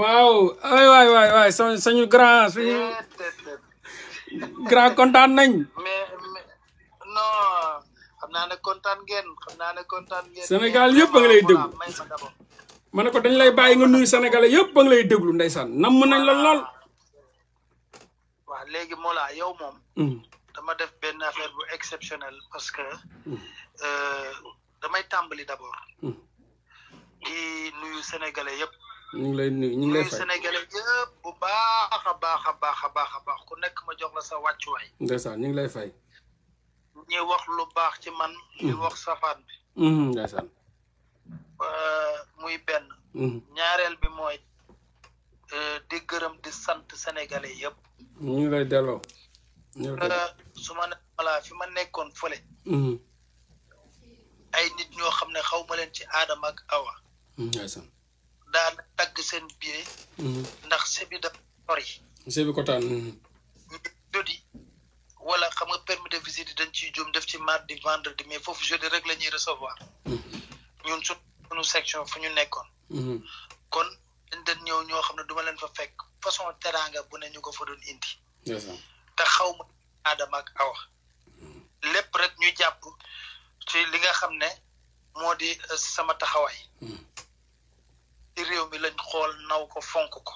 waaw ay waay waay waay sa sañu grand suñu grand kontaan nañ mais non xam naa ne kontaan ngeen xam naa ne kontaan ngeen Sénégal yëpp a ngi lay déglu ma ne ko dañ lay bàyyi nga nuyu sénégalais yëpp a ngi lay déglu ndeysaan namm nañ la lool waaw léegi moola yow moom hmm. dama def benn affaire bu exceptionnelle parce que hmm. euh, damay tàmbali d'abord hmm. di nuyu sénégalais yëpp ñu ngi lay nuyu ñu ngi lay fay Sénégalais yëpp bu a baax a baax a baax a baax ku nekk ma jox la sa wàccuwaay. ndeysaan ñu ngi lay fay. ñi wax lu baax ci man. li mm-hmm. wax safaan bi. Mm-hmm, euh, muy benn. Mm-hmm. ñaareel bi mooy euh, di gërëm di sant sénégalais yëpp. ñu ngi lay delloo. Euh, su ma ne voilà fi nekkoon fële. ay nit ñoo xam ne xaw ma leen ci aadama awa. daal tagg seen biir. Mhm. ndax sebi da sori. sebi kotaan. jeudi wala xam nga permis de visite dañ ciy juum def ci mardi vendredi mais foofu jeudi rek la ñuy recevoir. Mhm. ñun suñu section fu ñu nekkoon. Mhm. kon dañ doon ñëw ñoo xam ne duma leen fa fekk façon teraanga bu ne ñu ko fa doon indi. te xaw ma aadama ak awa. lépp rek ñu jàpp ci li nga xam ne moo di euh, sama taxawaay. ci réew mi lañ xool naw ko fonk ko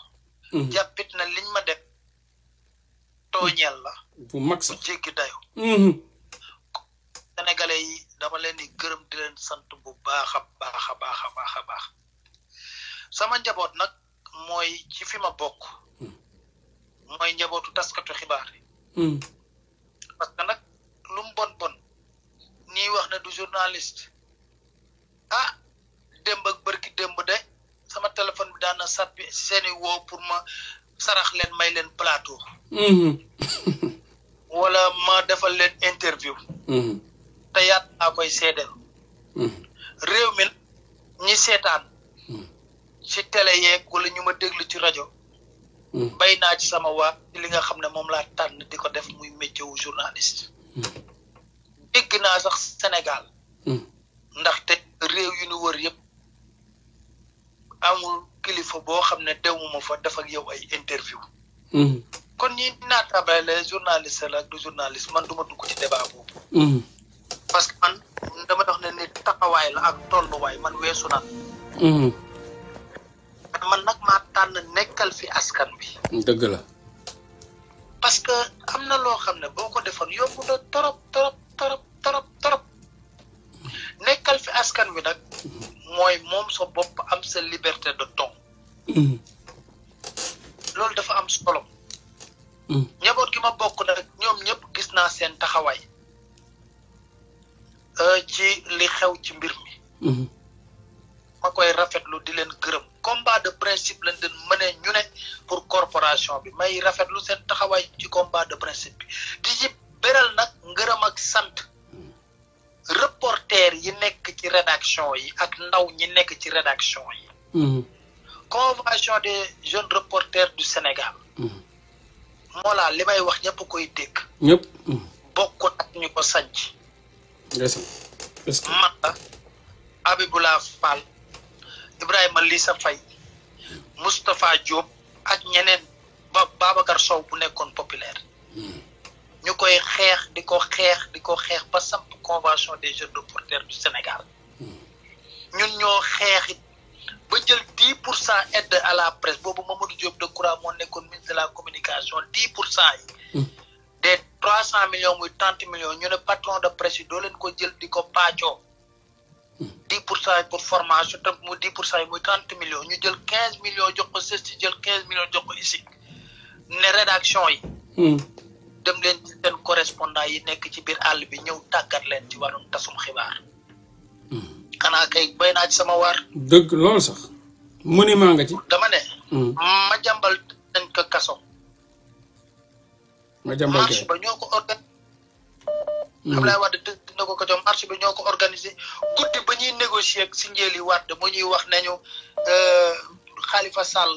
mm-hmm. jàppit na liñ ma def tooñeel la bu mag sax bu jéggi dayo mm-hmm. sénégalais yi dama leen di gërëm di leen sant bu baax a baax a baax a baax a baax sama njaboot nag mooy ci fi ma bokk mm-hmm. mooy njabootu taskatu xibaar yi parce que nag lu mu bon bon ñii wax ne du journaliste ah démb ak bërki démb de sama téléphone bi daan na seeni woo pour ma sarax leen may leen plateau. Mhm. wala ma defal leen interview. Mhm. te yaat naa koy seedeel. Mhm. réew mi ñi seetaan. ci télé yeeg wala ñu ma déglu ci rajo. bay naa ci sama waa li nga xam ne moom laa tànn di ko def muy métier wu journaliste. naa sax Sénégal. ndaxte réew yu ñu wër yëpp amul kilifa boo xam ne demuma fa def ak yow ay interview hmm. kon ñi naataabale la journaliste la ak du man du ma dugg ci débat boobu hmm. parce que an dama dox ne ni taxawaay la ak tolluwaay man weesu na hmm. man nag maa tànn nekkal fi askan bi dëgg la parce que am na loo xam ne boo ko defoon yomb na torop torop torop nekkal fi askan wi nag mooy moom sa bopp am sa liberté de ton loolu dafa am solo njaboot gi ma bokk rek ñoom ñépp gis naa seen taxawaay euh, ci li xew ci mbir mi ma koy rafetlu di leen gërëm combat de principe lañ leen mënee ñu ne pour corporation bi may rafetlu seen taxawaay ci combat de principe bi di ci beral nag ngërëm ak sant ci rédaction yi ak ndaw ñi nekk ci rédaction yi mm-hmm. convention des jeunes reporters du Sénégal mm-hmm. moo laa li may wax ñëpp koy dégg ñëpp bokkut ak ñu ko sanc man Abibula Fall Ibrahima Lissa Faye Moustapha Diop ak ñeneen ba Babacar Sow bu nekkoon populaire mm-hmm. ñu koy xeex di ko xeex di ko xeex ba samp convention des jeunes reporters du Sénégal ñun ñoo xeexit ba jël dix pour cent aide à la presse boobu Mamadou Diop Decroix moo nekkoon ministre de la communication dix pour cent yi. Hmm. des trois cent millions muy trente million ñu ne patron de presse yi doo leen ko jël di ko paacoo. Hmm. dix pour cent yi formation te mu dix pour muy trente millions ñu jël quinze millions jox ko CESTI jël quinze millions jox ko ISIC ne rédaction yi. Hmm. dem leen ci seen correspondant yi nekk ci biir àll bi ñëw tàggat leen ci wàllum tasum xibaar. xanaa kay bay naa sama war dëgg loolu sax. mu nga ci. dama ne. Hmm. ma jàmbal dañ ko kaso. ma jàmbal marche ba ñoo ko organisé. Hmm. ko ko jox marche ñoo ko organisé guddi ba ñuy négocier si njëli Wade mu ñuy wax nañu euh, Khalifa Sall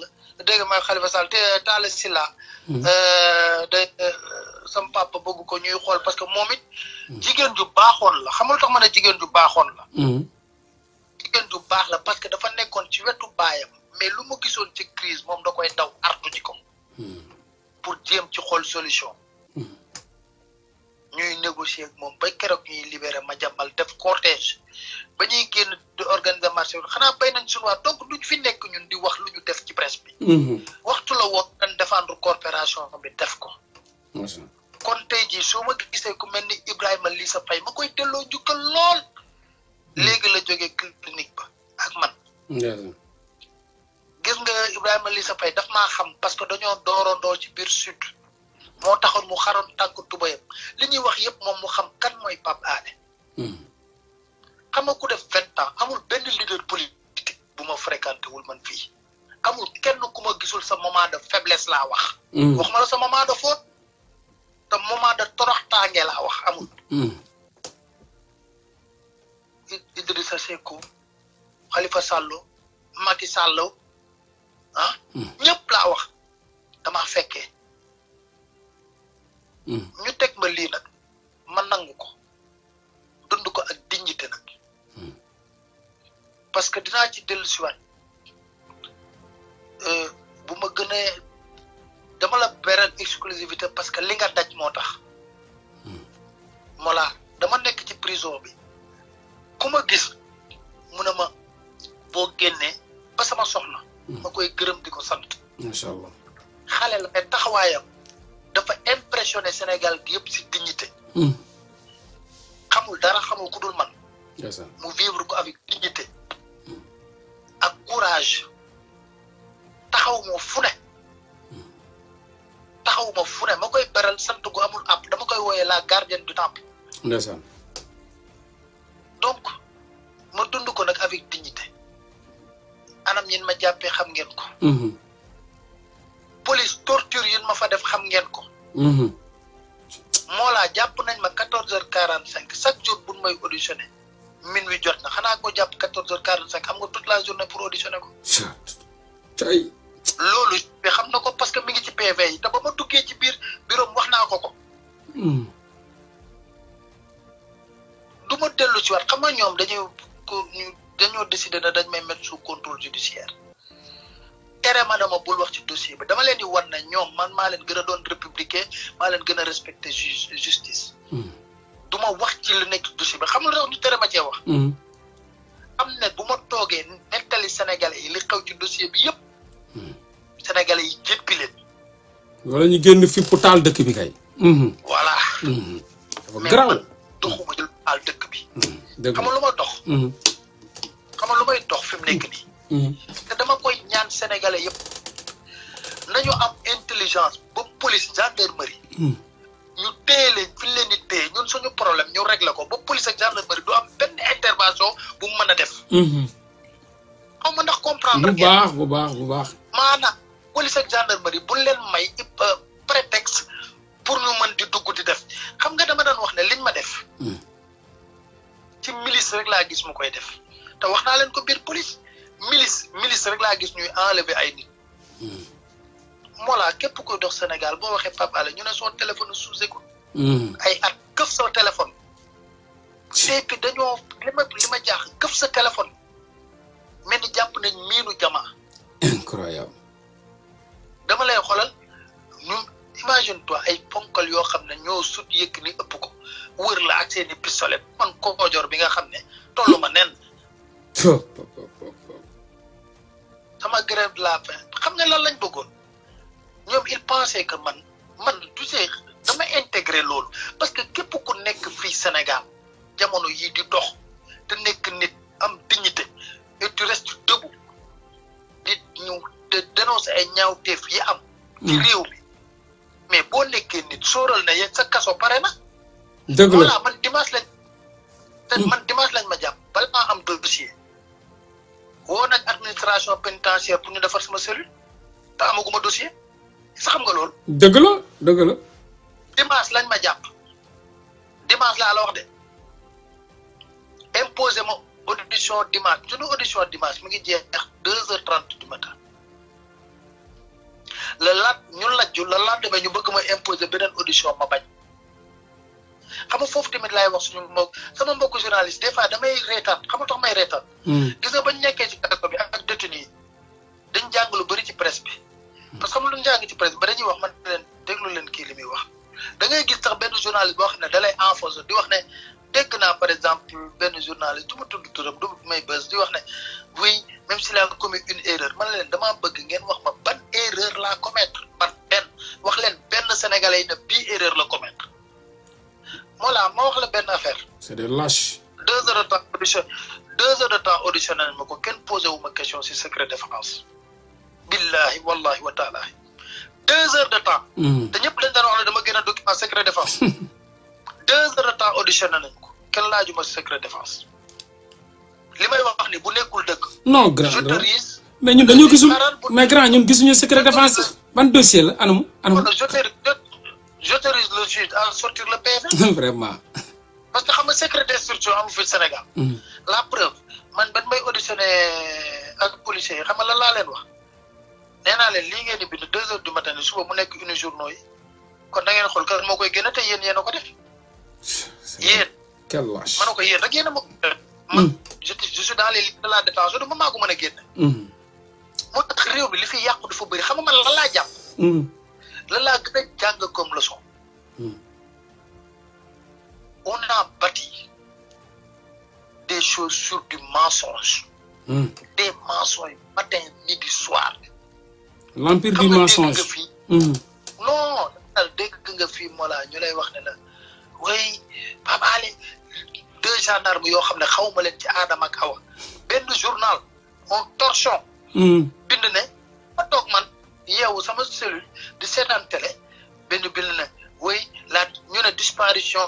dégg nga Khalifa Sall te euh, Talla Sylla. Hmm. Euh, de sam papa bëgg ko ñuy xool parce que moom it. jigéen ju baaxoon la xamul tax ma ne jigéen ju baaxoon jigéen ju baax la parce que dafa nekkoon ci wetu baayam lu mu gisoon crise moom da koy daw artu ji ko hmm. pour jéem ci xool solution hmm. ñuy négocier ak moom ba keroog ñuy ma jàmbal def cortège ba ñuy génn di organiser marché bi xanaa bay nañ suñu waa donc duñ fi nekk ñun di wax lu ñu def ci presse bi hmm. waxtu la woon dañ défendre corporation bi def ko kon tey soo ma gisee ku mel ni Ibrahima Lissa Faye ma koy delloo njukkal lool Hmm. léegi la jógee clinique ba ak man. gis nga Ibrahima Lissa Faye daf maa xam parce que dañoo doorandoo ci biir sud. moo taxoon mu xaroon tànk tubayam li ñuy wax yëpp moom mu xam kan mooy Pape Alé. xam hmm. ku def vingt ans amul benn leader politique bu ma fréquenté man fii amul kenn ku ma gisul sa moment de faiblesse laa wax. Hmm. wax ma la sa moment de faute te moment de toroxtaange laa wax amul. Idrissa Seck xalifa salloo Macky Sàllo ah hmm. ñëpp laa wax dama fekkee hmm. ñu teg ma lii nag ma nangu ko dund ko ak dignité nag hmm. parce que dinaa ci dellu siwaat euh, bu ma gënee dama la beral exclusivité parce que li nga daj moo tax molaa dama nekk ci prison bi ku ma gis mu ne ma boo génnee ba sama soxna. Hmm. ma koy gërëm di ko sant. xale la mais taxawaayam dafa impressionné Sénégal gi yëpp ci dignité. Hmm. xamul dara xamul ku dul man. mu vivre ko avec dignité. Hmm. ak courage taxaw ma fu ne. taxaw ma fu ne ma koy beral sant gu amul àpp dama koy wooyee la gardienne du temple. ndeysaan. donc ma dund ko nag avec dignité anam ñin ma jàppee xam ngeen ko. Mhm. police torture yin ma fa def xam ngeen ko. Mhm. moo laa jàpp nañ ma quatorze heures quarante cinq chaque jour buñ may auditionné minuit jot na xanaa ko jàpp quatorze heures quarante cinq am nga tout la journée pour auditionné ko. tey. loolu bi xam na ko parce que mi ngi ci PV yi te ba ma duggee ci biir biroom wax naa ko ko. Mhm. du ma dellu ci waat xam nga ñoom dañuy dañoo décider ne dañ may mettre sous contrôle judiciaire tere ma dama bul wax ci dossier bi dama leen di wan na ñoom man maa leen gën a doon républicain maa leen gën a respecter justice. Hmm. du ma wax ci lu nekk dossier bi xam nga lu ñu tere ma cee wax. Hmm. am ne bu ma toogee nettali Sénégalais yi li xew ci dossier bi yëpp. Hmm. Sénégalais yi jéppi leen. wala ñu génn fippu taal dëkk bi kay. voilà. dafa garaaw taal dëkk bi. Mm-hmm. xam nga lu ma mm-hmm. xam nga lu may dox fi mu mm-hmm. dama koy ñaan sénégalais yëpp nañu am intelligence ba police gendarmerie. ñu téye fi leen di téye ñun suñu problème ñu réglé ko ba police ak gendarmerie du am benn intervention bu mu mën a def. xaw ma ndax comprendre. bu baax bu baax bu baax. maanaam police ak gendarmerie bu leen may euh, pour ñu mën di dugg di def xam nga dama doon wax ne liñ ma def. ci milice rek laa gis mo koy def te wax naa leen ko biir police milice milice rek laa gis ñuy enlever ay nit. Hmm. Mollah képp kuy dox Sénégal boo waxee Pape Alé ñu ne son téléphone sous écoute. Hmm. ay at këf sa téléphone. et puis dañoo li jaax këf sa téléphone mel ni jàpp nañ miinu jamaa. incroyable. dama lay xoolal ñun. imagine toi ay ponkal yoo xam ne ñoo sut yëkk ni ëpp ko wër la ak seeni pistolet man koojoor bi nga xam ne tollu ma nen sama grève la faim xam nga lan lañ bëggoon ñoom il pensait que man man tu sais dama intégré loolu parce que képp ku nekk fii Sénégal jamono yii di dox te nekk nit am dignité et tu restes debout di ñu te dénoncer ay ñaawteef yi am ci hmm. mais boo nekkee nit sóoral na yéen sa kaso pare na. dëgg la voilà man dimanche lañ. Mm. man dimanche lañ ma jàpp bala maa am dossier. woo nag administration pénitentiaire pour ñu defar sama cellule te amaguma dossier sa xam nga loolu. dëgg la dëgg la. dimanche lañ ma jàpp dimanche laa la wax de imposé ma audition dimanche suñu audition dimanche mu ngi jeex deux heures trente du matin. le lat ñu lajju le lendemain ñu bëgg ma imposé beneen audition ma bañ xam nga foofu tamit laay wax suñu mbokk sama mbokku journaliste des fois damay reetaan xam nga tax may reetaan. Hmm. gis nga bañ nekkee ci kaso bi ak détenu yi dañ jàng lu bëri ci presse bi. Hmm. parce nga lu ñu jàng ci presse bi ba wax man leen déglu leen kii li muy wax da ngay gis sax benn journaliste boo xam ne da lay di wax ne dégg naa par exemple benn journaliste du ma tudd turam du may bës di wax ne oui même s'il a commis une erreur man leen damaa bëgg ngeen wax. des lâches. de temps audition deux heures de temps auditionné ma ko kenn posé wu ma question si secret défense. billahi wallahi wa taalahi deux heures de temps. Hmm. te ñëpp dañ daan wax ne dama génn document secret défense. deux de temps auditionné nañ ko kenn laajuma si secret défense. li may wax ni bu nekkul dëgg. non grand mais ñun dañoo gisul mais grand ñun gisuñu secret défense ban dossier la anum anum. j'autorise le juge à sortir le PV. vraiment. parce que xam nga secret des structures amu fi Sénégal. Hmm. la preuve man ban may auditionné ak policiers xam nga lan laa leen wax nee naa leen lii ngeen di bind deux heures du matin ni o mu nekk une journaux yi kon da ngeen xool kan moo koy génne te yéen yéen a ko def. yéen. quelle lâche ma ne ko yéen rek yéen a ma ko man hmm. je je suis dans les lignes de la défense du moment gu mën a génne. Hmm. moo tax réew bi li fi yàqu dafa bëri xam nga man lan laa jàpp. lan laa gën a jàng comme leçon. on a bâti des choses sur du mensonge. Mmh. des mensonges matin midi soir. l'empire du mensonge fii. Hmm. non dégg nga fii moo ñu lay wax ne la way Pape Alé deux gendarmes yoo xam ne xaw ma leen ci aadama ak awa benn journal un torchon. Hmm. bind ne ma toog man yeewu sama cellule di seetaan télé benn bind ne way la ñu ne disparition.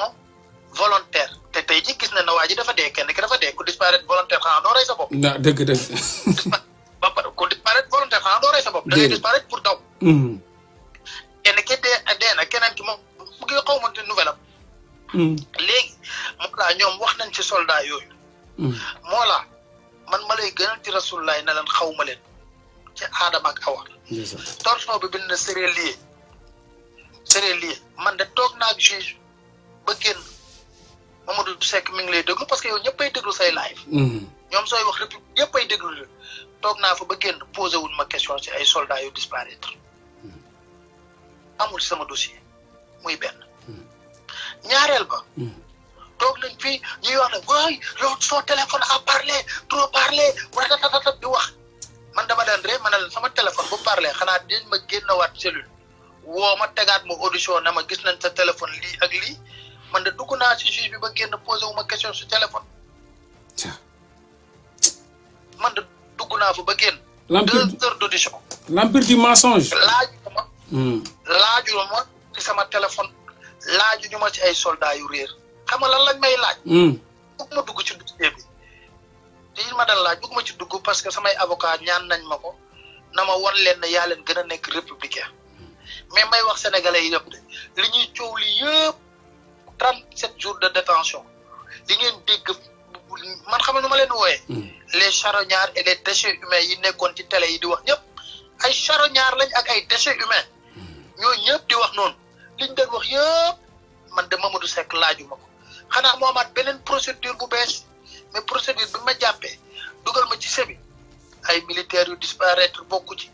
volontaire te tey ji gis na na waa ji dafa de kenn ki dafa dee ku disparaître volontaire xanaa doo rey sa bopp. waaw dëgg dëgg. ba pare ku disparaître volontaire xanaa doo rey sa bopp. da ngay disparaître pour daw. Mm. kenn ki dee dee na keneen ki moom mu ngi xaw ma nouvelle am. Mm. léegi moo laa ñoom wax nañ ci soldat yooyu. Mm. moo man ma lay gënal ci rasulullaay na leen xaw ma leen ci aadama ak awa. torsion bi bind na c'est lié c'est lié man de toog naa juge ba génn. Mamadou Seck mi ngi lay déglu parce que yow ñëppay déglu say live. Hmm. ñoom sooy wax lépp ñëppay déglu la toog naa fa ba génn posé wuñ ma question si ay soldats yu disparaître hmm. amul sama dossier muy benn. Hmm. ñaareel ba. toog nañ fii ñuy wax na waay loolu soo téléphone à parler trop parler wala tata di wax man dama daan ree ma ne leen sama téléphone bu parler xanaa dinañ ma génnawaat cellule woo ma tegaat ma audition na ma gis nañ sa téléphone lii ak lii. man de dugg naa ci juge bi ba génn posé wu ma question su téléphone. man de dugg naa fa ba génn. l'empire deux heures d'audition. l'empire du mensonge. laaju ma. Hmm. ma ci sama téléphone laaju ñu ma ci ay soldats yu réer xam nga lan lañ may laaj. Hmm. bëgg ma dugg ci dossier bi te ma daan laaj bëgg ma ci dugg parce que samay avocat ñaan nañ ma ko na ma wan leen yaa leen gën a nekk républicain hmm. mais may wax sénégalais yëpp li ñuy coow li yëpp. 37 jours de détention li ngeen dégg man xam ne nu ma leen wooyee. Hmm. les charognards et les déchets humains yi nekkoon ci télé yi di wax ñëpp ay charognards lañ ak ay déchets humains hmm. ñooñu ñëpp di wax noonu liñ doon wax yëpp man de Mamadou Seck laajuma ko xanaa moo amaat beneen procédure bu bees mais procédure bi ma jàppee dogal ma ci sebi ay militaires yu disparaître bokku ci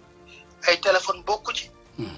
ay téléphone bokku ci. Hmm.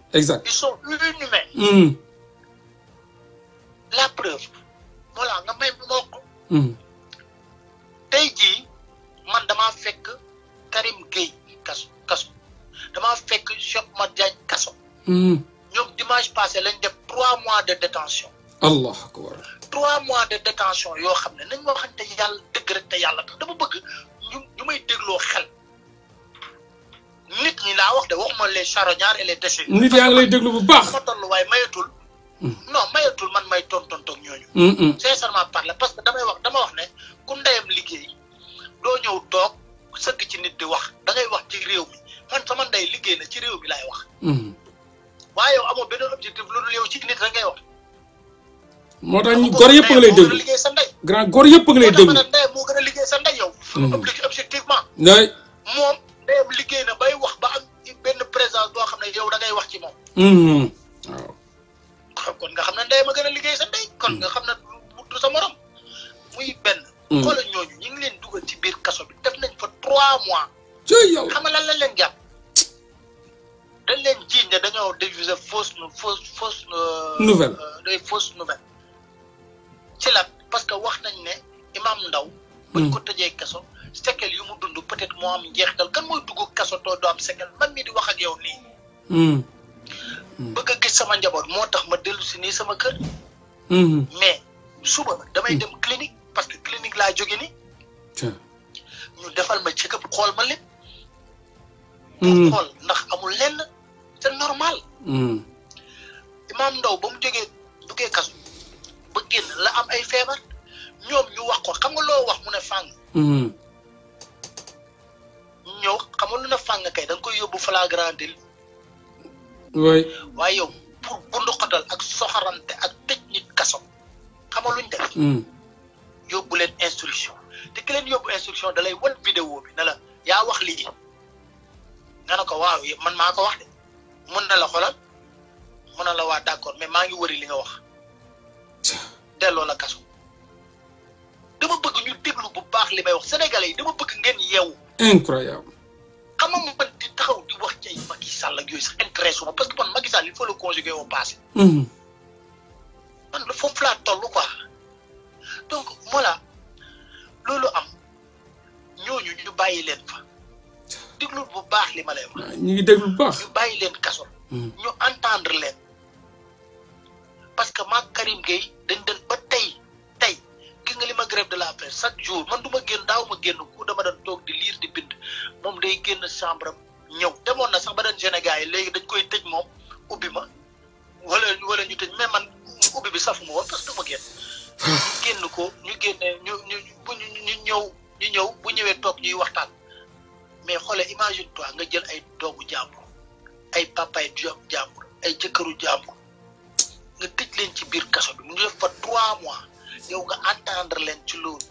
Exact. Ils sont inhumains. Mm. La preuve. Voilà, nga may mbokk. Hmm. tey jii man damaa fekk Karim Gueye kaso kaso damaa fekk Cheikh Mate Diagne kaso. Hmm. ñoom dimanche passé lañ def trois mois de détention allah akbar trois mois de détention yoo xam ne nañ waxante yàlla dëgg rek te yàlla dama bëgg ñu ñu may dégloo xel. nit ñi laa wax de waxuma les charognards et les déchets. nit yaa ngi lay déglu bu baax. sama tolluwaay mayatul. Hmm. non mayatul man may tontontoog ñooñu. Hmm, hmm. sincèrement parler parce que damay wax dama wax ne ku ndeyam liggéey doo ñëw toog sëgg ci nit di wax da wax ci réew mi man sama ndey liggéey na ci réew mi laay wax. waaye yow amoo benn objectif lu dul yow ci nit rek ngay wax. moo tax góor yëpp a ngi lay déglu grand góor yëpp a ngi lay déglu. moo tax ma ne ndeyam moo gën a liggéey sa ndey yow. moom. ndeyam liggéey na bay wax ba am benn présence boo xam ne yow da ngay wax ci moom. Hmm. waaw. kon nga xam ne ndeyam a gën liggéey sax ndey. kon nga xam na du sa morom. muy benn. Hmm. xoolal ñooñu ñu ngi leen dugal ci biir kaso bi def nañ fa trois mois. yow xam nga lan leen jàpp. dañ leen jiiñ ne dañoo diffuser fausse euh, nouvelle euh, day fausse nouvelle. ci la parce que wax nañ ne Imam Ndaw. buñ hmm. ko tëjee kaso. sekel yu mu dund peut-être moo am njeexital kan mooy dugg kaso too doo am man mii di wax ak yow nii. Hmm. Hmm. bëgg a gis sama njaboot moo tax ma dellusi nii sama kër. Hmm. mais suba damay dem clinique parce que clinique laa jóge nii. ñu defal ma check-up xool ma lépp. pour xool ndax amul lenn c'est normal. imaam ndaw ba mu jógee duggee kasu ba génn la am ay feebar ñoom ñu wax ko xam nga loo wax mu ne fàng. xam lu ne fàng kay da koy yóbbu flagrant délit. waay waaye yow pour bundu xotal ak soxarante ak tëj kaso xam luñ def. Hmm. yóbbu leen instruction te ki leen yóbbu instruction da lay wan vidéo bi ne yaa wax lii nga ne ko waaw man maa ko wax de mun na la xoolal mun na la waa d'accord mais maa ngi wëri li nga wax delloo la kaso dama bëgg ñu déglu bu baax li may wax sénégalais yi dama bëgg ngeen yeewu incroyable xam nga man di taxaw di wax ci ay Macky Sall yooyu sax intéressé ma parce que man Macky Sall il faut le conjuguer au passé. Hmm. man foofu laa toll quoi donc voilà loolu am ñooñu ñu bàyyi leen fa déglu bu baax li ma lay wax. Ah, ñu ngi déglu bu ñu kaso. Hmm. entendre leen parce que maag Karim Gueye dañ doon grève de la presse chaque jour man du ma génn daaw ma génn ku dama doon toog di liir di bind moom day génn chambre am ñëw demoon na sax ba doon yi léegi dañ koy tëj moom ubbi ma wala wala ñu tëj mais man ubbi bi safu ma woon parce que du ma génn. ñu génn ko ñu génne ñu ñu ñëw ñu ñëw bu ñëwee toog ñuy waxtaan mais xoole imagine toi nga jël ay toogu jàmbur ay papaay jàmbur ay jëkkëru jàmbur nga tëj leen ci biir kaso bi mu ngi fa trois mois. yow nga entendre leen ci loolu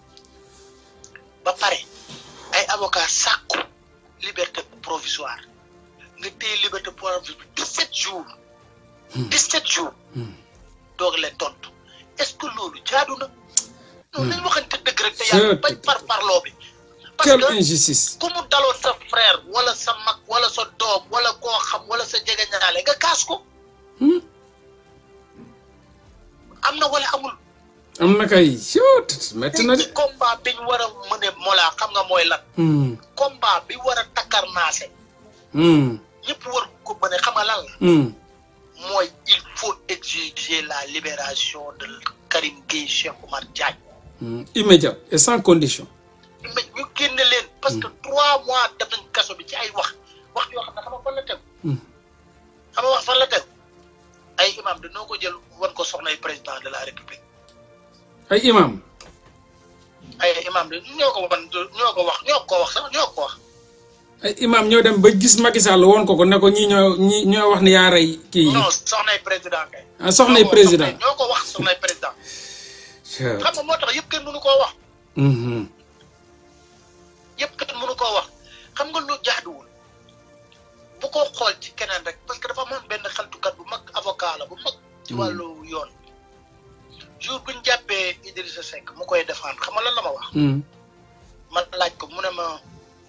ba pare ay avocat sàkku liberté provisoire nga téye liberté provisoire dix-sept jours hmm. dix-sept jours hmm. doog leen tontu est-ce que loolu jaadu na non hmm. nañ waxante dëgg rek te yàlla par parloo bi parce que ku sa frère wala sa mag wala sa doom wala koo xam wala sa jegeñaale nga kaas ko am na wala amul am na kay siwut métti na de combat bi ñu war xam nga mooy lan hmm. combat bi war a takkar naase hmm. ñëpp war ko mën a xam nga lan hmm. mooy il faut exiger la libération de Karim Gueye Cheikh Oumar Diagne immédiat et sans condition mais ñu génne leen parce que trois mois def nañ kaso bi ci ay wax wax yoo xam ne xam la tegu xam nga wax fan la tegu ay imam dañoo ko jël wan ko soxnay président de la république ay imam ay imam de ñoo ko wax ñoo ko wax sax ñoo ko ay imam ñoo dem ba gis Macky la woon ko ko ne ko ñi ñoo ñi ñoo wax ne yaa rey kii yi non soxnay président kay ah président ñoo ko wax soxnay président xam nga moo tax yëpp kenn mënu koo wax mm-hmm. yëpp kenn koo wax xam nga lu jaaduwul bu ko xool ci keneen rek parce que dafa amoon benn xeltukat bu mag avocat la bu mag ci mm. yoon jour bu ñu jàppee Idrissa Seck mu koy défendre xam nga lan la ma wax. Hmm. man laaj ko mu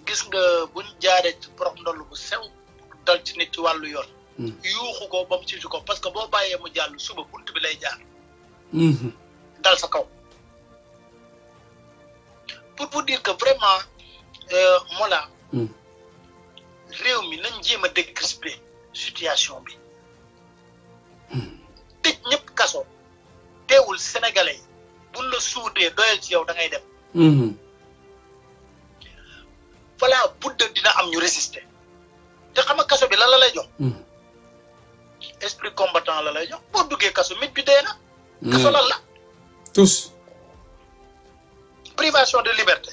gis nga buñ jaaree ci borom ndollu bu sew dal ci nit ci wàllu yoon. Hmm. yuuxu ko ba mu ci ko parce que boo bàyyee mu jàll suba bunt bi lay jaar. Hmm. dal sa kaw. pour vous dire que vraiment euh, mola réew mi nañ jéem a décrisper situation bi. tëj ñëpp kaso. teewul sénégalais yi buñ la suutee doyal ci yow da ngay dem. voilà mhm. budde dina am ñu résister te xam nga kaso bi lan la lay jox. Mhm. esprit combattant la lay jox boo duggee kaso mit bi dee na. kaso mhm. lan la. tous. privation de liberté.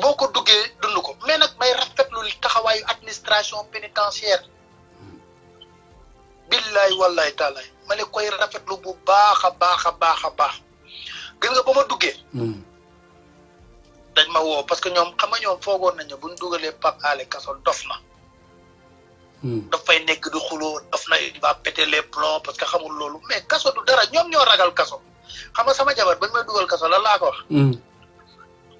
boo ko duggee dund ko mais nag may rafetlu taxawaayu administration pénitentiaire. billaay wallaay taalaay ma ne koy rafetlu bu baax a baax a baax a baax gis nga ba ma duggee. Hmm. dañ ma woo parce que ñoom xam nga ñoom foogoon nañu bu ñu dugalee Pape Alé Kaso dof na. Hmm. fay nekk di xuloo dof na il va péter parce que xamul loolu mais kaso du dara ñoom ñoo ragal kaso xam nga sama jabar bañ may dugal kaso lan laa ko wax. Hmm.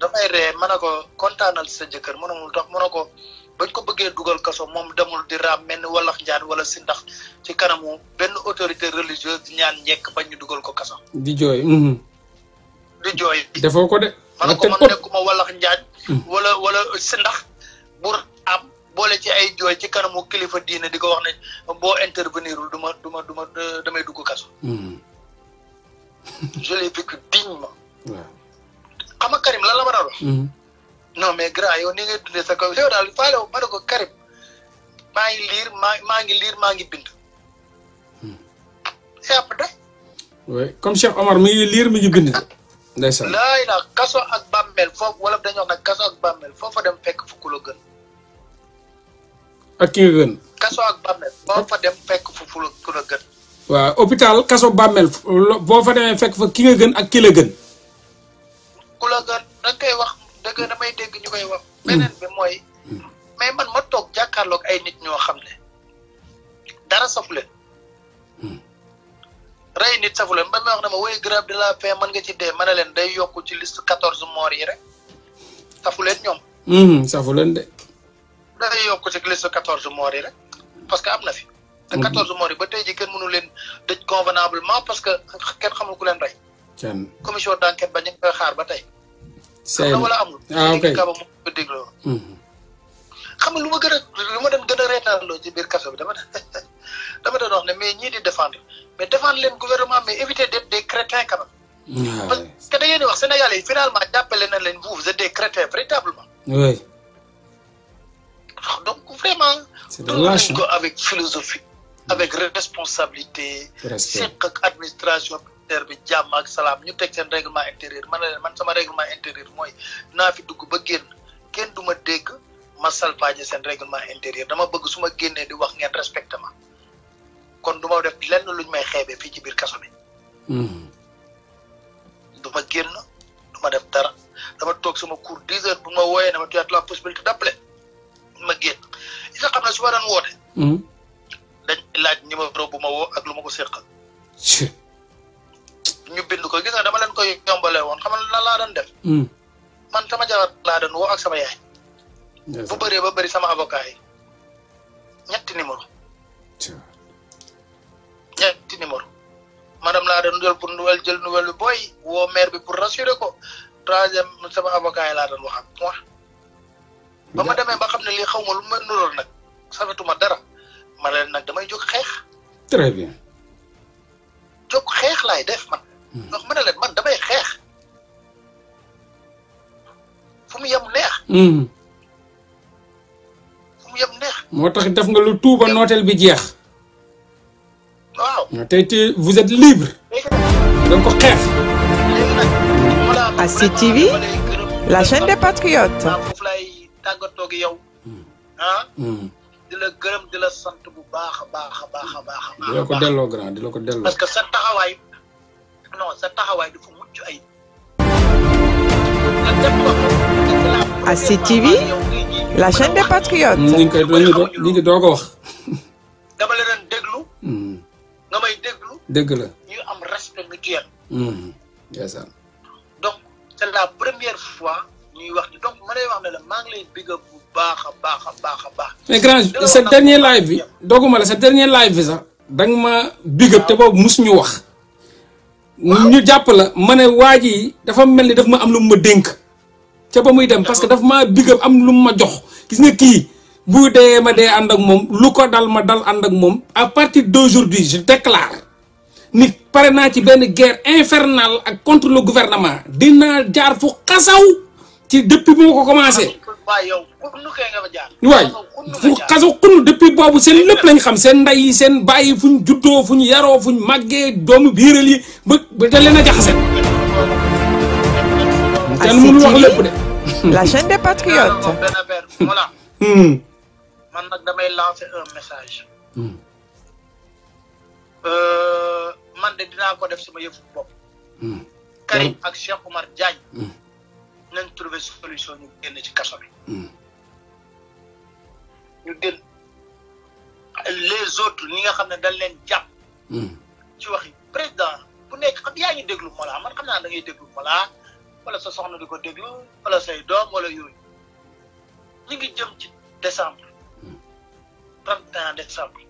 dafay ree mën na sa jëkkër mënamul tax mën ko. bañ ko bëggee dugal kaso moom demul di raam mel ni walax njaan wala si ndax ci kanamu benn autorité religieuse di ñaan njekk bañ ñu dugal ko kaso. di jooy. Mhm. di jooy. defoo ko de. ma ne ko man nekkuma walax njaan. Mm. wala wala sindax ndax bu boole ci ay jooy ci kanamu kilifa diine di ko wax ne boo intervenirul duma duma du damay dugg kaso. Mm-hmm. je l'ai vécu dignement. waaw Karim lan la no mais grand yow ni ngay sa kaw yow daal faale ma ne ko Karim maa ngi liir maa ngi liir maa ngi bind. c'est hmm. après. oui comme Cheikh Omar mi liir mi ngi bind. ndeysaan laay la kaso ak bàmmeel foofu wala dañoo wax nag foofa dem fekk fu ku la gën. ak ki nga gën. kaso ak bàmmeel boo fa gën. waaw wax. dëgg damay dégg ñu koy wax. beneen bi mooy. mais man ma toog jàkkaarloog ay nit ñoo xam ne dara safu leen. rey nit safu leen ba ma wax ne ma woy grève de nga ci dee mën leen day yokk ci liste quatorze morts yi rek safu leen ñoom. Hmm, safu leen de. day yokk ci liste quatorze morts yi rek parce que am na fi. te hmm. quatorze morts ba tey ji ken mënu leen dëj convenablement parce que kenn xamul ku leen rek commission d' enquête ba ñu xaar ba tey. seen xam wala amul. ah ok Kaba moom ko dégloo. Hmm. xam nga lu a lu ma doon gën a reetaanloo ci biir kaso bi dama dama doon ne mais ñii di défendre mais défendre leen gouvernement mais éviter d'être des crétins quand même. parce wax Sénégalais yi finalement jàppale na leen vous vous êtes des crétins véritablement. oui. donc vraiment. c'est de lâche ko avec philosophie. avec responsabilité. respect administration terre bi jàmm ak salaam ñu teg seen règlement intérieur man leen man sama règlement intérieur mooy dinaa fi dugg ba génn du ma dégg ma salfaaje seen règlement intérieur dama bëgg suma ma génnee di wax ngeen respecté kon du ma def lenn luñ may xeebe fii ci biir kaso bi. Hmm. du ma génn du ma def dara dama toog sama cour dix heures bu ma wooyee dama tuyaat la possibilité d'appeler ma génn li nga xam ne su ma daan woote. Hmm. dañ laaj numéro bu ma woo ak lu ma ko séqal. ko nga dama leen koy yombale woon xam nga lan laa doon def. Hmm. man sama jabar laa doon woo ak sama yaay. bu bëree ba bëri sama avocat yi ñetti numéro. ñetti numéro. madame laa doon jël pour nouvelle jël nouvelle boy booy woo bi pour rassurer ko troisième sama avocat yi laa doon wax ak moi. ba demee ba xam ne lii xaw ma lu ma nuróol nag safetuma dara ma leen nag damay jog xeex. très bien. jóg xeex laay def man. ndax ma ne leen man damay xeex hmm. fu mu yem neex. moo tax def nga lu tuuba nooteel bi jeex. waaw tey vous êtes libre. donc xeex. ASID TV la chaîne des patriotes. lay tàggatoo yow ah. Hmm. di la gërëm di la sant bu baax a baax a baax a baax. di la ko delloo grand di la ko delloo. parce que sa taxawaay. non sa taxawaay dafa mucc ay ASID TV la chaîne des patriotes. ñu ngi koy ñu ngi doog wax. dama la doon déglu. Hmm. nga may déglu. dëgg la ñu am respect mutuel. Hmm. ndeysaan. donc c'est la première fois ñuy wax ni donc ma lay wax ne la maa ngi lay big up baax a baax a baax a baax. mais grand sa dernier live bi dooguma la sa dernier live bi sax da ma big te boobu mosuñu wax. ñu jàpp la ma ne waa ji dafa mel ni daf ma am lu ma dénk ca ba muy dem parce que daf maa bigam am lu ma jox gis nga kii bu dee ma dee ànd ak moom lu ko dal ma dal ànd ak moom à partir d'aujourd'hui je déclare nit pare naa ci benn guerre infernal ak contre le gouvernement dinaa jaar fu xasaw ci depuis bu ma ko commencé waaye yow xunnu kay nga fa waay fu kaso depuis boobu seen lépp lañ xam seen ndey seen bàyyi fuñ juddoo fuñ yaroo fuñ màggee doomu biiral yi ba ba da leen a jaxase. kenn mënul wax lépp de. la chaîne hmm. man nag hmm. euh, de dinaa ko def sama nañ trouver solution ñu génn ci kaso hmm. ñu génn les autres ñi nga xam ne dañ leen jàpp hmm. ci waxi président bu nekk xam yaa ngi déglu Mollah man xam ne da ngay déglu Mollah wala sa soxna di ko déglu wala say doom wala yooyu ñu ngi jëm ci décembre hmm. trente et un décembre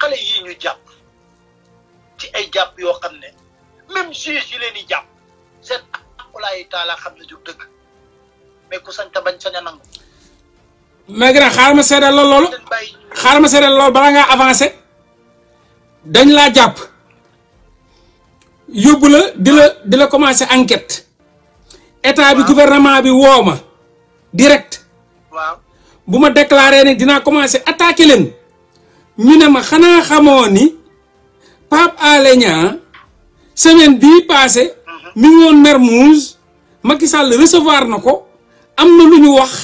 xale yii ñu jàpp ci ay jàpp yoo xam ne même juge yi leen di jàpp seen ulaayi taala xam ne du dëgg mais ku sañ ta bañ sañ a nangu. mais xaaral ma seedeel la loolu xaaral ma seedeel ngaa avancé dañ laa jàpp yobbula la di la di commencé enquête. état bi gouvernement bi woo ma direct. waaw bu ma déclaré ne dinaa commencé attaqué leen ñu ne ma xanaa xamoo ni Pape semaine bii passé mi ngi woon Mermoz Macky Sall recevoir na ko am na lu ñu wax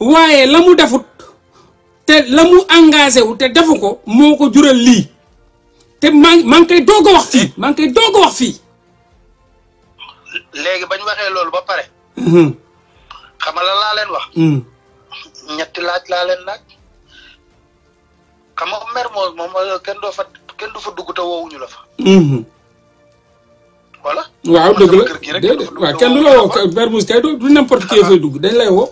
waaye la mu defut te la mu engagé wu te defu ko moo ko jural lii te maa maa ngi koy doog a wax fii maa ngi koy doog a wax fii. léegi bañ ñu waxee loolu ba pare. Mhm. xam nga lan laa leen wax. Mhm. ñetti laaj laa leen laaj. xam nga Mermoz moom kenn doo fa kenn du fa dugg te woowuñu la fa. Mhm. voilà. waaw dëgg la déedéet waaw kenn du la woo Mermoz kay du n'importe qui fay dugg dañ lay woo.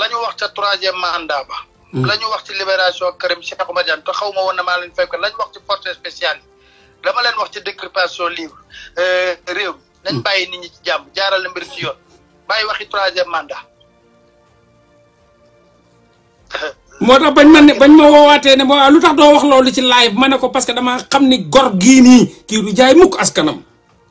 la ñu wax ca troisième mandat ba. Hmm. la ñu wax ci libération Karim Cheikh Oumar Diagne te xaw ma woon na maa leen fekk la ñu wax ci force spéciale yi dama leen wax ci décryptation libre euh, réew mi. nañ hmm. bàyyi nit ñi ci jàmm jaarale mbir ci yoon bàyyi waxi troisième mandat. moo tax bañ ma ne bañ ma woowaatee ne ma lu tax doo wax loolu ci live ma ne ko parce que damaa xam ni gor gii nii kii du jaay mukk askanam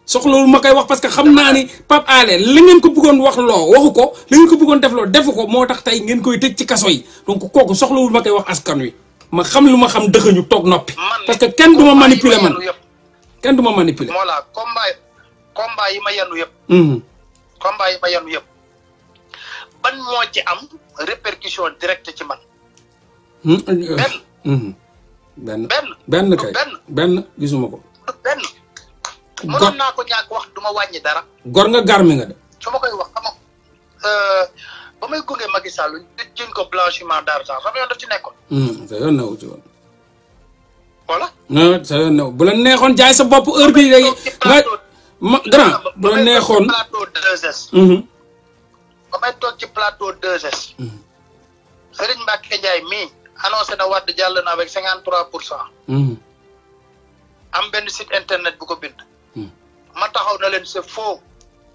soxlawul ma koy wax parce que xam naa ni Pape Alé li ko bëggoon wax loo waxu ko li ngeen ko bëggoon def loo defu ko moo tax tey ngeen koy tëj ci kaso yi donc kooku soxlawul ma koy wax askan wi ma xam lu ma xam dëxëñu toog noppi. parce que kenn du ma manipuler man kenn du ma manipuler. voilà combat combat yi ma yëpp. Mm-hmm. combat yi ma yanu yëpp ban moo ci am répercussion directe ci man. Hmm? Hmm. benn benn benn kay benn gisuma ko. benn mënoon naa ko ñàkk wax du ma wàññi dara. gor nga garmi nga de. su koy wax xam nga euh, ba may gunge Macky Sall di jën ko blanchiment d'argent sama yoon daf ci hmm, sa yoon neexoon jaay sa bopp heure bi day nga ma grand bu la neexoon. ba may toog ci plateau 2S. Serigne Mbacke Ndiaye mii. annoncé na Wade jàll na avec cinquante trois pour cent. Hmm. am benn site internet bu ko bind. Hmm. ma taxaw na leen c'est faux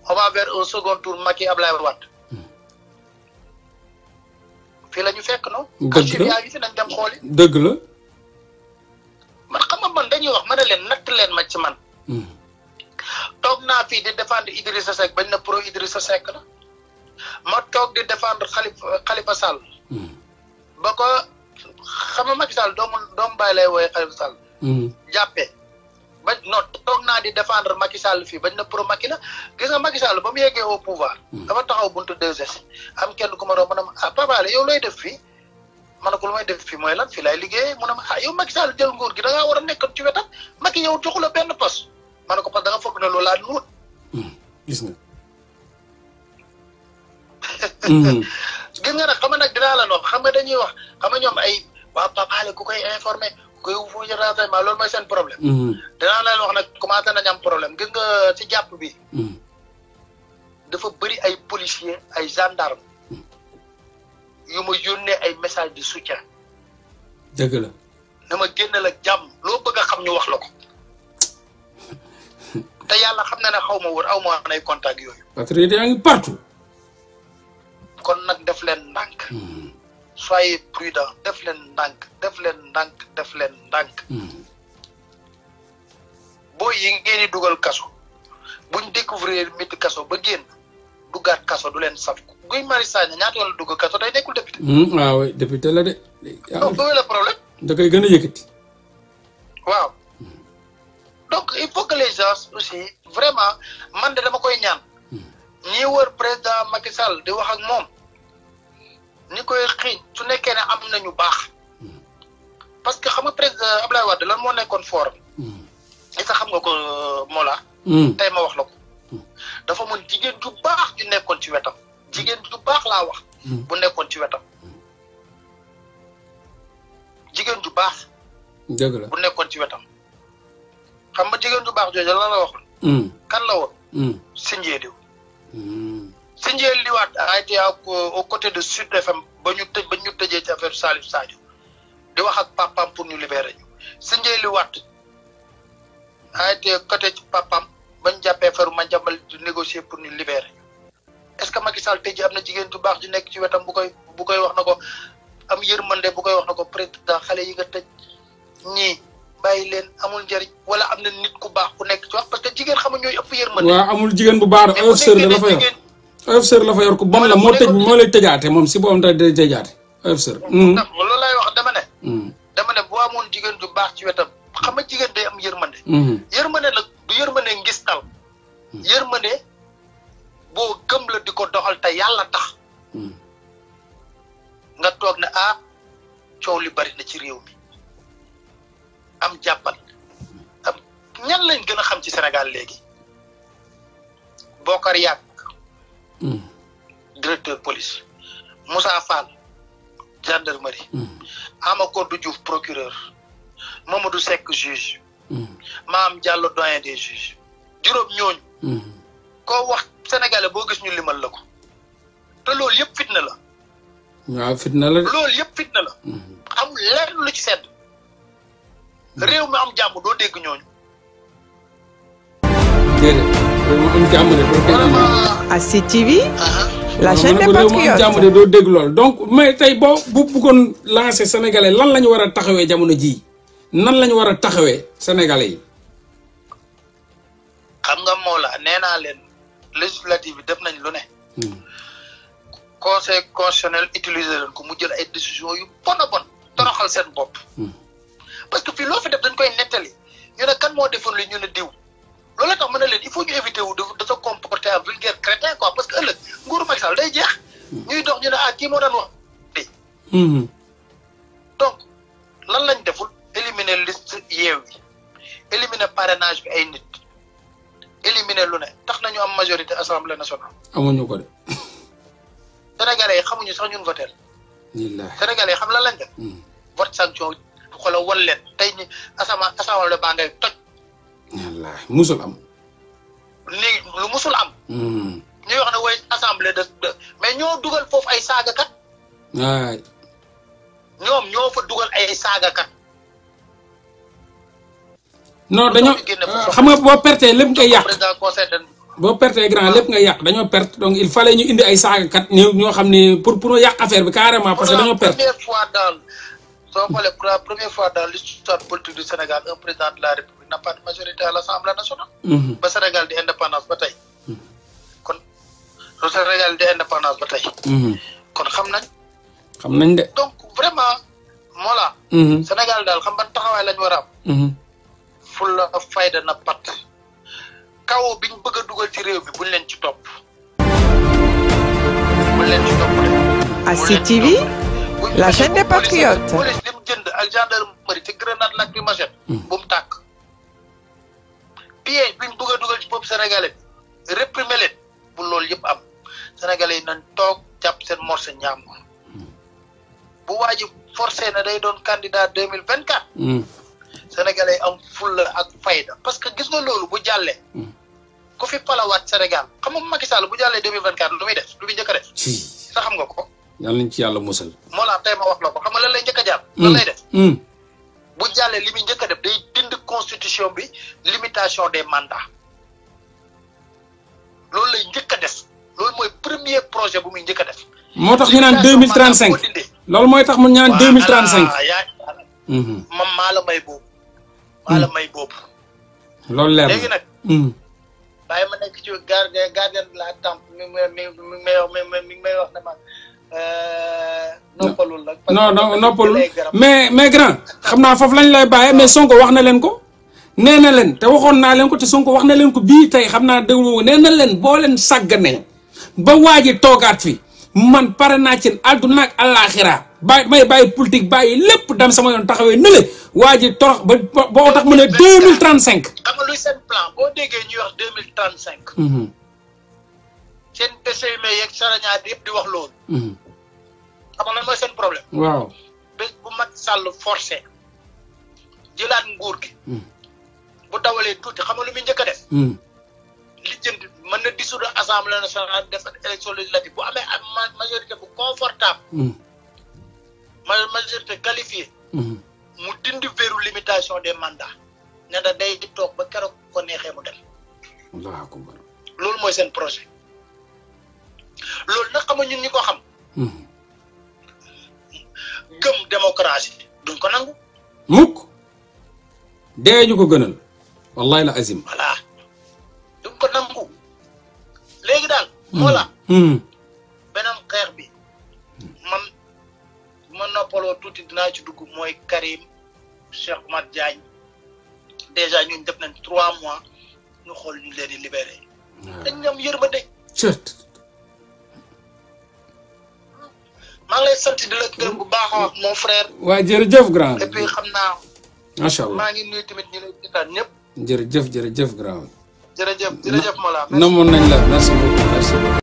on va vers un second tour Macky Ablaye Wade. Hmm. fii la ñu fekk no dëgg dem xooli. dëgg la. man man dañuy wax ma ne leen natt leen ma ci man. toog naa fii di défendre sa Seck bañ na pro sa Seck la ma toog di défendre Khalifa Khalifa Sall. ba ko xam nga Macky Sall doomu doomu bàyyi lay woowee Khalifa Sall. Hmm. jàppee ba non toog naa di défendre Macky Sall fii bañ na pro Macky la gis nga Macky Sall ba mu yeggee au pouvoir. Hmm. dafa taxaw buntu 2S am kenn ku ma doon ma ne ah, yow looy def fii. ma ne ko lu may def fii mooy lan fii laay liggéey mu ne ma ah yow Macky Sall jël nguur gi da ngaa a nekk ci wetam Macky yow joxu la benn poste ma ne ko parce que da nga foog ne loolaa nuut. Hmm. gis nga. gis nga nag xam nga nag dinaa la nox xam nga dañuy wax xam nga ñoom ay waa papale ku koy informé ku koy fu ñu renseignement loolu mooy seen problème mm-hmm. dinaa leen wax na commencé na am problème gis nga ci jàpp bi mm-hmm. dafa bëri ay policier ay gendarme mm-hmm. yu ma yónnee ay message de soutien dëgg la na ma génnal ak jàmm loo bëgg a xam ñu wax la ko te yàlla xam na ne xaw ma woon aw ma woon ay contact yooyu partout kon nag def leen ndànk hmm. soyez prudent def leen ndànk def leen ndànk def leen ndànk hmm. boo yi dugal kaso buñ découvrir métti kaso ba génn duggaat kaso du leen saf Guy Marius Sagna ñaata yoon la dugg kaso day nekkul député hmm, waaw de non boobu la problème da donc il faut que les aussi vraiment man de dama koy ñaan ñi wër président Macky Sall di wax ak moom ni koy xiiñ su nekkee ne am nañu baax parce que xam nga président Abdoulaye Wade lan moo nekkoon fort bi sax xam nga ko euh, Mola hmm. tey ma wax la ko hmm. dafa mën jigéen ju baax ju nekkoon ci wetam hmm. jigéen ju baax laa wax bu nekkoon ci wetam jigéen ju baax bu nekkoon ci wetam xam nga jigéen ju baax jooju lan la waxoon kan la woon sinjeediw Sindiély Liwaat a été euh, aux côtés de Sud FM ba ñu tëj ba ñu tëjee ci affaire Salif Sadio di wax ak papam pour ñu libérer ñu Sindiély a été côté ci papam ba ñu jàppee affaire ma jàmbal di négocier pour ñu libérer est-ce que Macky Sall tey ji am na jigéen ju baax ju nekk ci wetam bu koy bu koy wax na ko am yërmande bu koy wax na ko président xale yi nga tëj ñii bàyyi leen amul njëriñ wala am na nit ku baax ku nekk ci wax parce que jigéen xamuñ ñooy ëpp yërmande. waaw amul jigéen bu baax heure sœur la fa yor OFCR la fa yor ko bon la moo tëj moo moom si boobu daal di tëjaate OFCR. Mm-hmm. loolu lay wax dama ne. Mm-hmm. dama ne boo amoon jigéen ju baax ci wetam xam nga jigéen day am yërmande. Mm-hmm. yërmande nag du yërmande ngis tal. yërmande boo gëm la di ko doxal te yàlla tax. nga toog ne ah coow li bari na ci réew mi am jàppal ñan lañ gën a xam ci senegal léegi Bokar Yàgg. Mm. directeur police Moussa Fall gendarmerie mm. Amakodou Diouf procureur Mamadou Seck juge Maam mm. Diallo doyen des juges juróom ñooñu koo wax sénégalais boo gis ñu limal la ko te loolu yëpp fitna la waaw fitna la loolu yëpp fitna la amul lenn lu ci sedd réew mi am jàmm doo dégg ñooñu ASTV. la ah, chaîne des patriotes jàmm de doo dégg lool donc mais tey boo bu bëggoon lancer sénégalais lan la ñu war taxawee jamono jii nan lañu ñu war a taxawee sénégalais yi. xam nga moo la nee naa leen législative bi def nañ lu ne. Hmm. conseil constitutionnel utiliser leen ko mu jël ay décision yu bon a bon toroxal seen bopp. Hmm. parce que fii loo fi def dañ koy nettali ñu ne kan moo defoon li ñu ne diw. loolu la tax ma ne leen il faut ñu éviter wu de se comporter en vulgaire crétin quoi parce que ëllëg nguuru Macky Sall day jeex. ñuy dox ñu ne ah kii moo daan wax tey. Hmm. lañ deful éliminer liste yeew yi éliminer bi ay nit éliminer lu ne tax nañu am majorité assemblée nationale. amuñu ko de. Sénégalais yi xamuñu sax ñun voté. alhamdulilah xam lan lañ def. Hmm. vote sanction xoolal wal leen tey ñi asamaan asamaan la wallaahi musul am. lii lu euh, musul am. Hmm. ñuy wax ne woy assemblée de mais ñoo dugal foofu ay saagakat. waay. ñoom ñoo fa dugal ay saagakat. non dañoo xam nga boo pertee lépp ngay yàq boo pertee grand lépp a yàq dañoo perte donc il fallait ñu indi ay saagakat ñoo xam ne pour pour yàq affaire bi carrément parce que dañoo perte. soo le pour la première fois dans l'histoire politique du Sénégal un président de la République n'a pas de majorité à nationale. Mhm. ba Sénégal di indépendance ba tey. Mhm. kon ba ba tey. Mhm. kon xam nañ. xam nañ de. donc vraiment mola Sénégal daal xam ban taxawaay lañ war a am. fulla fayda na pat kaw biñ bëgg dugal ci réew mi buñ leen ci topp. buñ leen ci topp de. ASID TV. la chaîne des patriotes police li mu jënd ak gendarmerie ci grenade lacrymogène hmm. bu mu tàkk piège bi ñu bëgg a dugal ci boobu sénégalais bi leen bu loolu yëpp am sénégalais yi nañ toog jàpp seen morse ñaam bu waa ji forcé na day doon candidat deux mille vingt quatre hmm. sénégalais am fulla ak fayda parce que gis nga loolu bu jàllee hmm. ku fi palawaat sénégal xam nga Macky Sall bu jàllee deux muy def lu muy njëkk a def sax xam nga ko yàlla nañ ci yàlla musal. moo laa tey ma wax la ko xam nga lan lay njëkk a jàpp. lan lay def. bu jàllee li muy njëkk a def day dind constitution bi limitation des mandats loolu lay njëkk def loolu mooy premier projet bu muy njëkk a def. moo tax ñu naan deux mille trente cinq loolu mooy tax mu ñu naan deux mille trente cinq. man maa la may boobu. maa la may loolu leer na léegi nag. bàyyi ma nekk ci gardien gardien de la tempe mi mi may wax ne ma. Euh, noppalul nag. non non noppalul mais mais grand xam naa foofu lañ lay bàyyee mais Sonko wax na leen ko. nee na leen te waxoon naa leen ko te Sonko wax na leen ko bii tey xam naa déglu nee na leen boo leen sàgganee ba waa ji toogaat fi man pare naa ci àdduna ak àllaaxira bàyyi may bàyyi politique bàyyi lépp dam sama yoon taxawee ne le waa ji torox ba boo tax mu ne deux mille trente cinq. xam nga luy seen plan boo déggee ñuy cinq. seen Bessèmé yeeg Saraña yépp di wax loolu. Hmm. xam nga mooy seen problème. waaw bu Macky Sall forcé jëlaat nguur gi. Hmm. bu tawalee tuuti xam nga lu muy njëkk a def. Hmm. lijjanti mën na dissoudre assemblée nationale def élection législative bu amee ak majorité bu confortable. majorité qualifiée. mu dindi verrou limitation des mandats ne da day di toog ba keroog ko neexee mu dem. loolu mooy seen projet. loolu nag xam nga ñun ñi ko xam. Hmm. gëm démocratie duñ ko nangu. mukk dee ñu ko gënal. wallahi la azim. voilà duñ ko nangu léegi daal. moo hmm. la. Hmm. beneen xeex bi man ma noppaloo tuuti dinaa ci dugg mooy Karim Cheikh Oumar Diagne dèjà ñun def nañ trois mois ñu xool ñu leen di libéré. Ah. dañ ñam yërmande. certes. maa ngi lay sant di la gërëm bu baax a mon frère. waaw jërëjëf grand. et xam naa. macha allah maa ngi nuyu tamit ñu lay jotaat ñëpp. jërëjëf jërëjëf grand. jërëjëf jërëjëf Mollah. namoon nañ la merci beaucoup merci beaucoup.